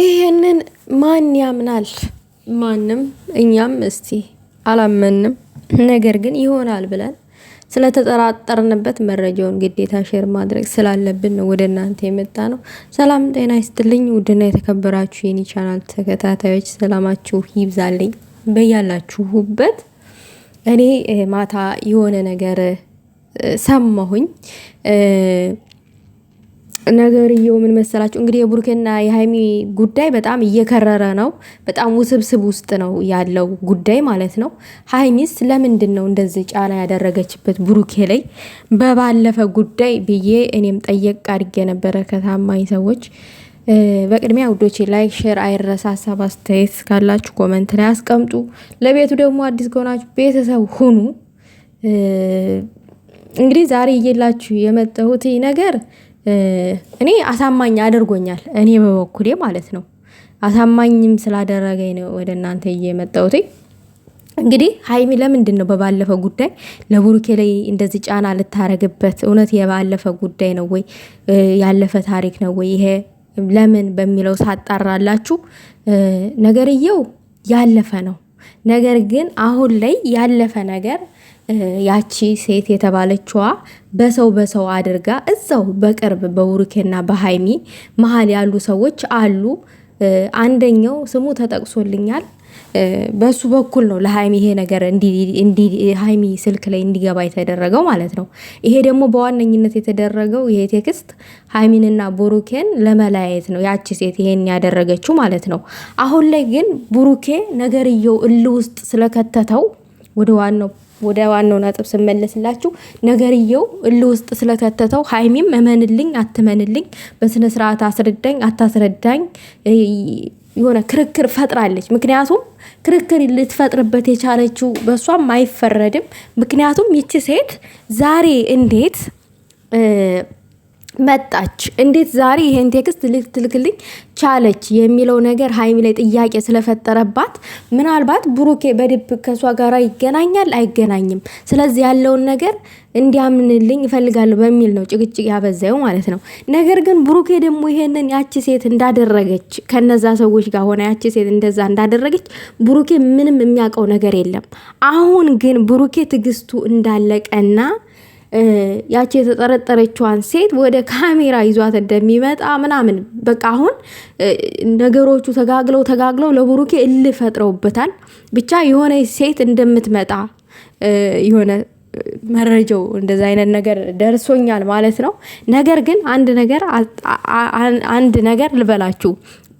ይህንን ማን ያምናል? ማንም። እኛም እስቲ አላመንም፣ ነገር ግን ይሆናል ብለን ስለተጠራጠርንበት መረጃውን ግዴታ ሼር ማድረግ ስላለብን ነው ወደ እናንተ የመጣ ነው። ሰላም ጤና ይስጥልኝ። ውድና የተከበራችሁ የኒ ቻናል ተከታታዮች ሰላማችሁ ይብዛልኝ በያላችሁበት። እኔ ማታ የሆነ ነገር ሰማሁኝ። ነገርየው ምን መሰላችሁ? እንግዲህ የብሩኬና የሀይሚ ጉዳይ በጣም እየከረረ ነው። በጣም ውስብስብ ውስጥ ነው ያለው ጉዳይ ማለት ነው። ሀይሚስ ለምንድን ነው እንደዚህ ጫና ያደረገችበት ብሩኬ ላይ? በባለፈ ጉዳይ ብዬ እኔም ጠየቅ አድርጌ ነበረ ከታማኝ ሰዎች። በቅድሚያ ውዶቼ ላይክ፣ ሼር አይረሳ። ሀሳብ አስተያየት ካላችሁ ኮመንት ላይ አስቀምጡ። ለቤቱ ደግሞ አዲስ ከሆናችሁ ቤተሰብ ሁኑ። እንግዲህ ዛሬ እየላችሁ የመጣሁት ነገር እኔ አሳማኝ አድርጎኛል። እኔ በበኩሌ ማለት ነው። አሳማኝም ስላደረገኝ ነው ወደ እናንተ እየመጣሁት። እንግዲህ ሀይሚ ለምንድን ነው በባለፈው ጉዳይ ለቡሩኬ ላይ እንደዚህ ጫና ልታረግበት? እውነት የባለፈ ጉዳይ ነው ወይ ያለፈ ታሪክ ነው ወይ ይሄ ለምን በሚለው ሳጣራላችሁ ነገርየው ያለፈ ነው። ነገር ግን አሁን ላይ ያለፈ ነገር ያቺ ሴት የተባለችዋ በሰው በሰው አድርጋ እዛው በቅርብ በቡሩኬና በሀይሚ መሀል ያሉ ሰዎች አሉ። አንደኛው ስሙ ተጠቅሶልኛል። በሱ በኩል ነው ለሀይሚ ይሄ ነገር ሀይሚ ስልክ ላይ እንዲገባ የተደረገው ማለት ነው። ይሄ ደግሞ በዋነኝነት የተደረገው ይሄ ቴክስት ሀይሚንና ቡሩኬን ለመለያየት ነው ያቺ ሴት ይሄን ያደረገችው ማለት ነው። አሁን ላይ ግን ቡሩኬ ነገርየው እል ውስጥ ስለከተተው ወደ ዋናው ወደ ዋናው ነጥብ ስመለስላችሁ ነገርየው እል ውስጥ ስለከተተው ሀይሚም እመንልኝ አትመንልኝ፣ በስነ ስርዓት አስረዳኝ አታስረዳኝ የሆነ ክርክር ፈጥራለች። ምክንያቱም ክርክር ልትፈጥርበት የቻለችው በእሷም አይፈረድም። ምክንያቱም ይቺ ሴት ዛሬ እንዴት መጣች እንዴት ዛሬ ይሄን ቴክስት ልትልክልኝ ቻለች የሚለው ነገር ሀይሚ ላይ ጥያቄ ስለፈጠረባት ምናልባት ብሩኬ በድብ ከእሷ ጋር ይገናኛል አይገናኝም፣ ስለዚህ ያለውን ነገር እንዲያምንልኝ ይፈልጋለሁ በሚል ነው ጭቅጭቅ ያበዛዩ ማለት ነው። ነገር ግን ብሩኬ ደግሞ ይሄንን ያቺ ሴት እንዳደረገች ከነዛ ሰዎች ጋር ሆነ ያቺ ሴት እንደዛ እንዳደረገች ብሩኬ ምንም የሚያውቀው ነገር የለም። አሁን ግን ብሩኬ ትግስቱ እንዳለቀና ያቺ የተጠረጠረችዋን ሴት ወደ ካሜራ ይዟት እንደሚመጣ ምናምን በቃ አሁን ነገሮቹ ተጋግለው ተጋግለው ለቡሩኬ እልህ ፈጥረውበታል። ብቻ የሆነ ሴት እንደምትመጣ የሆነ መረጃው እንደዚ አይነት ነገር ደርሶኛል ማለት ነው። ነገር ግን አንድ ነገር አንድ ነገር ልበላችሁ፣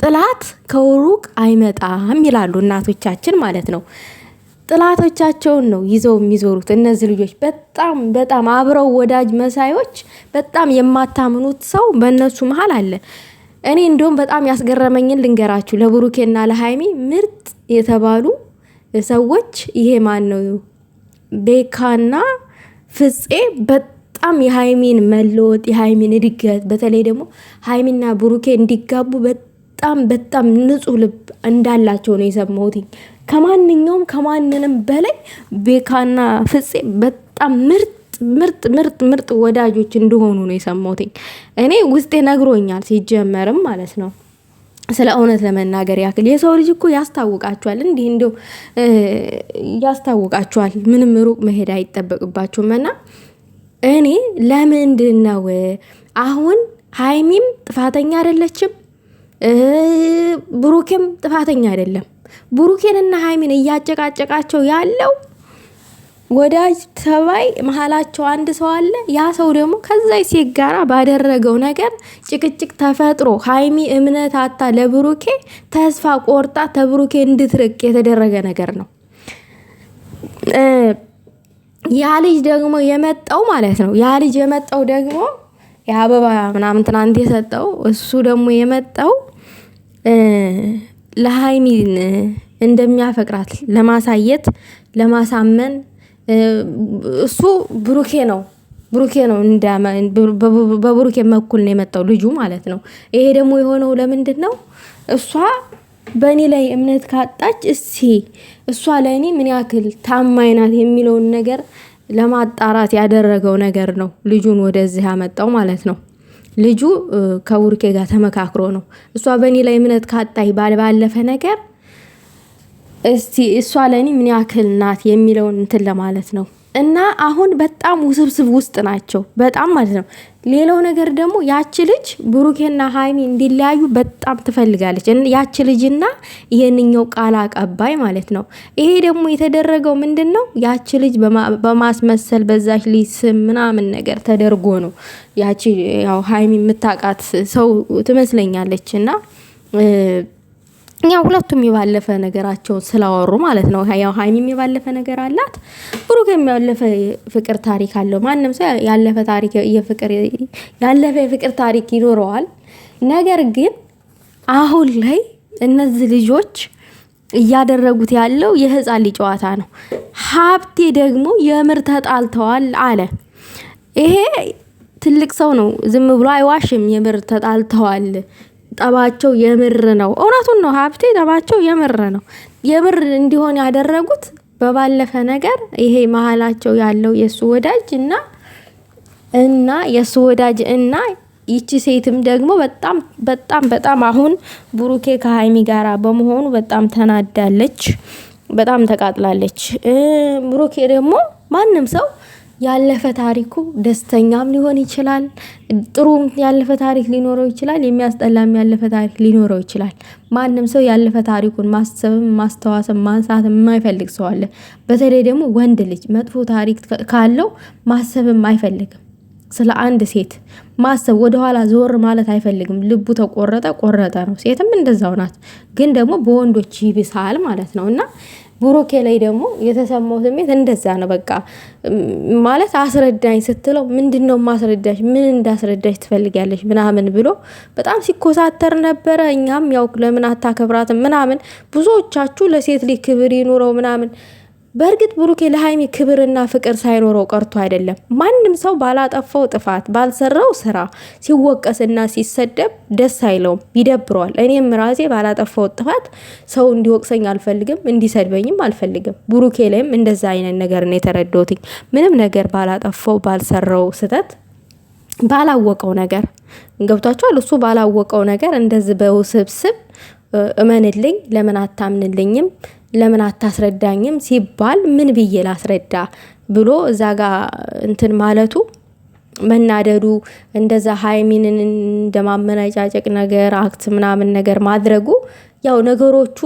ጥላት ከሩቅ አይመጣም ይላሉ እናቶቻችን ማለት ነው። ጥላቶቻቸውን ነው ይዘው የሚዞሩት እነዚህ ልጆች። በጣም በጣም አብረው ወዳጅ መሳዮች፣ በጣም የማታምኑት ሰው በእነሱ መሀል አለ። እኔ እንዲሁም በጣም ያስገረመኝን ልንገራችሁ። ለብሩኬና ለሀይሚ ምርጥ የተባሉ ሰዎች ይሄ ማን ነው? ቤካና ፍፄ በጣም የሀይሚን መለወጥ የሀይሚን እድገት፣ በተለይ ደግሞ ሀይሚና ብሩኬ እንዲጋቡ በጣም በጣም ንጹህ ልብ እንዳላቸው ነው የሰማሁት። ከማንኛውም ከማንንም በላይ ቤካና ፍፄ በጣም ምርጥ ምርጥ ምርጥ ምርጥ ወዳጆች እንደሆኑ ነው የሰማሁት። እኔ ውስጤ ነግሮኛል ሲጀመርም ማለት ነው። ስለ እውነት ለመናገር ያክል የሰው ልጅ እኮ ያስታውቃቸዋል፣ እንዲህ እንዲሁ ያስታውቃቸዋል። ምንም ሩቅ መሄድ አይጠበቅባቸውም። እና እኔ ለምንድን ነው አሁን ሀይሚም ጥፋተኛ አይደለችም ብሩኬም ጥፋተኛ አይደለም። ብሩኬንና ሀይሚን እያጨቃጨቃቸው ያለው ወዳጅ ተባይ መሀላቸው አንድ ሰው አለ። ያ ሰው ደግሞ ከዛ ሴት ጋራ ባደረገው ነገር ጭቅጭቅ ተፈጥሮ ሀይሚ እምነት አታ ለብሩኬ ተስፋ ቆርጣ ተብሩኬ እንድትርቅ የተደረገ ነገር ነው። ያ ልጅ ደግሞ የመጣው ማለት ነው። ያ ልጅ የመጣው ደግሞ የአበባ ምናምን ትናንት የሰጠው እሱ ደግሞ የመጣው ለሃይሚን እንደሚያፈቅራት ለማሳየት ለማሳመን እሱ ብሩኬ ነው ብሩኬ ነው በብሩኬ መኩል ነው የመጣው ልጁ ማለት ነው። ይሄ ደግሞ የሆነው ለምንድን ነው? እሷ በእኔ ላይ እምነት ካጣች እስ እሷ ለእኔ ምን ያክል ታማኝ ናት የሚለውን ነገር ለማጣራት ያደረገው ነገር ነው ልጁን ወደዚህ ያመጣው ማለት ነው። ልጁ ከቡርኬ ጋር ተመካክሮ ነው። እሷ በእኔ ላይ እምነት ካጣይ ባለፈ ነገር እስቲ እሷ ለእኔ ምን ያክል ናት የሚለውን እንትን ለማለት ነው። እና አሁን በጣም ውስብስብ ውስጥ ናቸው፣ በጣም ማለት ነው። ሌላው ነገር ደግሞ ያቺ ልጅ ብሩኬና ሀይሚ እንዲለያዩ በጣም ትፈልጋለች። ያቺ ልጅና ይህንኛው ቃል አቀባይ ማለት ነው። ይሄ ደግሞ የተደረገው ምንድን ነው? ያቺ ልጅ በማስመሰል በዛች ልጅ ስም ምናምን ነገር ተደርጎ ነው። ያቺ ያው ሀይሚ የምታውቃት ሰው ትመስለኛለች እና እኛ ሁለቱም የባለፈ ነገራቸውን ስላወሩ ማለት ነው። ያው ሀይሚም የባለፈ ነገር አላት፣ ብሩክም ያለፈ ፍቅር ታሪክ አለው። ማንም ሰው ያለፈ ታሪክ ያለፈ የፍቅር ታሪክ ይኖረዋል። ነገር ግን አሁን ላይ እነዚህ ልጆች እያደረጉት ያለው የህፃን ልጅ ጨዋታ ነው። ሀብቴ ደግሞ የምር ተጣልተዋል አለ። ይሄ ትልቅ ሰው ነው፣ ዝም ብሎ አይዋሽም። የምር ተጣልተዋል ጠባቸው የምር ነው። እውነቱን ነው ሀብቴ፣ ጠባቸው የምር ነው። የምር እንዲሆን ያደረጉት በባለፈ ነገር ይሄ መሀላቸው ያለው የእሱ ወዳጅ እና እና የእሱ ወዳጅ እና ይቺ ሴትም ደግሞ በጣም በጣም በጣም አሁን ብሩኬ ከሀይሚ ጋራ በመሆኑ በጣም ተናዳለች፣ በጣም ተቃጥላለች። ብሩኬ ደግሞ ማንም ሰው ያለፈ ታሪኩ ደስተኛም ሊሆን ይችላል። ጥሩ ያለፈ ታሪክ ሊኖረው ይችላል። የሚያስጠላም ያለፈ ታሪክ ሊኖረው ይችላል። ማንም ሰው ያለፈ ታሪኩን ማሰብም ማስተዋሰብ ማንሳት የማይፈልግ ሰው አለ። በተለይ ደግሞ ወንድ ልጅ መጥፎ ታሪክ ካለው ማሰብም አይፈልግም። ስለ አንድ ሴት ማሰብ ወደኋላ ዞር ማለት አይፈልግም። ልቡ ተቆረጠ ቆረጠ ነው። ሴትም እንደዛው ናት። ግን ደግሞ በወንዶች ይብሳል ማለት ነው እና ብሩኬ ላይ ደግሞ የተሰማው ስሜት እንደዛ ነው። በቃ ማለት አስረዳኝ ስትለው ምንድን ነው ማስረዳሽ? ምን እንዳስረዳሽ ትፈልጊያለሽ? ምናምን ብሎ በጣም ሲኮሳተር ነበረ። እኛም ያው ለምን አታከብራትም ምናምን ብዙዎቻችሁ ለሴት ልጅ ክብር ይኑረው ምናምን በእርግጥ ብሩኬ ለሀይሚ ክብርና ፍቅር ሳይኖረው ቀርቶ አይደለም። ማንም ሰው ባላጠፋው ጥፋት ባልሰራው ስራ ሲወቀስና ሲሰደብ ደስ አይለውም፣ ይደብረዋል። እኔም ራሴ ባላጠፋው ጥፋት ሰው እንዲወቅሰኝ አልፈልግም፣ እንዲሰድበኝም አልፈልግም። ብሩኬ ላይም እንደዛ አይነት ነገር ነው የተረዳሁት። ምንም ነገር ባላጠፋው ባልሰራው ስህተት ባላወቀው ነገር ገብቷቸዋል። እሱ ባላወቀው ነገር እንደዚህ በውስብስብ እመንልኝ ለምን አታምንልኝም ለምን አታስረዳኝም ሲባል ምን ብዬ ላስረዳ ብሎ እዛ ጋ እንትን ማለቱ መናደዱ እንደዛ ሀይሚንን እንደማመናጫጨቅ ነገር አክት ምናምን ነገር ማድረጉ ያው ነገሮቹ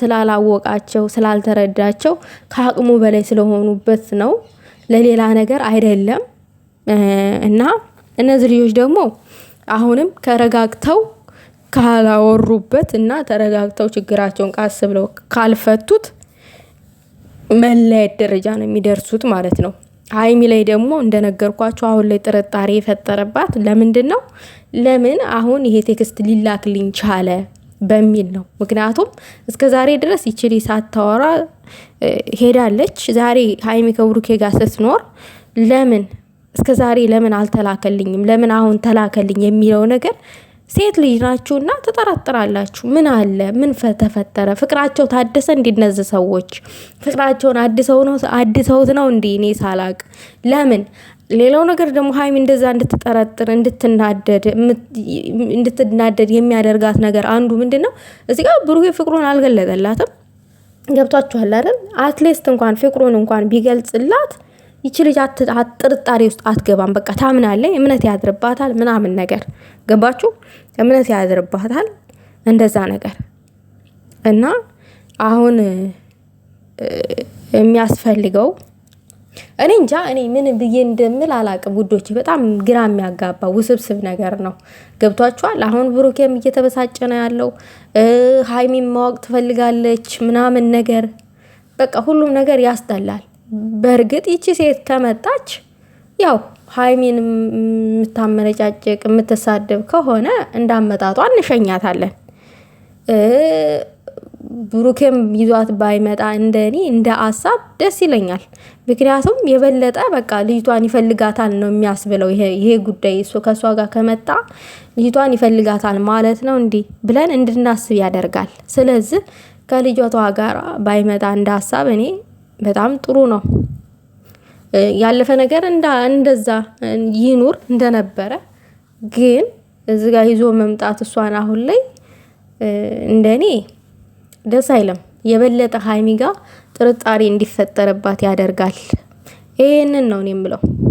ስላላወቃቸው ስላልተረዳቸው ከአቅሙ በላይ ስለሆኑበት ነው፣ ለሌላ ነገር አይደለም። እና እነዚህ ልጆች ደግሞ አሁንም ከረጋግተው ካላወሩበት እና ተረጋግተው ችግራቸውን ቃስ ብለው ካልፈቱት መለያየት ደረጃ ነው የሚደርሱት ማለት ነው። ሀይሚ ላይ ደግሞ እንደነገርኳቸው አሁን ላይ ጥርጣሬ የፈጠረባት ለምንድን ነው? ለምን አሁን ይሄ ቴክስት ሊላክልኝ ቻለ በሚል ነው። ምክንያቱም እስከ ዛሬ ድረስ ይችል ሳታወራ ሄዳለች። ዛሬ ሀይሚ ከብሩኬ ጋር ስትኖር ለምን እስከ ዛሬ ለምን አልተላከልኝም፣ ለምን አሁን ተላከልኝ የሚለው ነገር ሴት ልጅ እና ተጠራጥራላችሁ። ምን አለ ምን ተፈጠረ? ፍቅራቸው ታደሰ? እንዲነዝ ሰዎች ፍቅራቸውን አድሰውት ነው እንዲ እኔ ሳላቅ ለምን? ሌላው ነገር ደግሞ ሀይሚ እንደዛ እንድትጠረጥር እንድትናደድ እንድትናደድ የሚያደርጋት ነገር አንዱ ምንድን ነው? እዚ ጋ ብሩሄ ፍቅሩን አልገለጠላትም። ገብቷችኋል አይደል? አትሌስት እንኳን ፍቅሩን እንኳን ቢገልጽላት ይቺ ልጅ ጥርጣሬ ውስጥ አትገባም። በቃ ታምናለች፣ እምነት ያድርባታል ምናምን ነገር ገባችሁ? እምነት ያድርባታል እንደዛ ነገር እና አሁን የሚያስፈልገው እኔ እንጃ እኔ ምን ብዬ እንደምል አላቅም ውዶች። በጣም ግራ የሚያጋባ ውስብስብ ነገር ነው። ገብቷችኋል? አሁን ብሩኬም እየተበሳጨ ነው ያለው። ሀይሚን ማወቅ ትፈልጋለች ምናምን ነገር በቃ ሁሉም ነገር ያስጠላል። በእርግጥ ይቺ ሴት ከመጣች ያው ሀይሚን የምታመነጫጭቅ የምትሳደብ ከሆነ እንዳመጣጧ እንሸኛታለን። ብሩኬም ይዟት ባይመጣ እንደ እኔ እንደ አሳብ ደስ ይለኛል። ምክንያቱም የበለጠ በቃ ልጅቷን ይፈልጋታል ነው የሚያስብለው ይሄ ጉዳይ እሱ ከእሷ ጋር ከመጣ ልጅቷን ይፈልጋታል ማለት ነው እንዲህ ብለን እንድናስብ ያደርጋል። ስለዚህ ከልጅቷ ጋር ባይመጣ እንደ ሀሳብ እኔ በጣም ጥሩ ነው። ያለፈ ነገር እንደዛ ይኑር እንደነበረ ግን እዚ ጋር ይዞ መምጣት እሷን አሁን ላይ እንደኔ ደስ አይለም። የበለጠ ሀይሚ ጋር ጥርጣሬ እንዲፈጠርባት ያደርጋል። ይሄንን ነው እኔ የምለው።